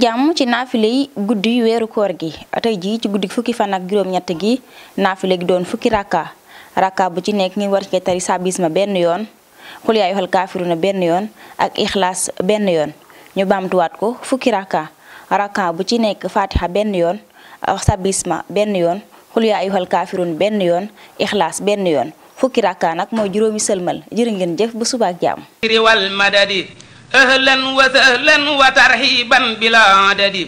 jàmm ci naafile yi guddi weeru koor gi tey jii ci guddi fukki fan ak juróom-ñett gi naafile gi doon fukki rakka rakka bu ci nekk ngeen war ci tari sabisma benn yoon xul yaa ayyuhal kaafiruuna benn yoon ak ixlaas benn yoon ñu baamtuwaat ko fukki rakka rakka bu ci nekk fatiha benn yoon sabisma benn yoon xul yaa ayyuhal kaafiruun benn yoon ixlaas benn yoon fukki rakkaa nag mooy juróomi sëlmal jërë ngeen jëf ba subaak jàmm riwal madadi ahlan wa sahlan wa tarhiban bila adadi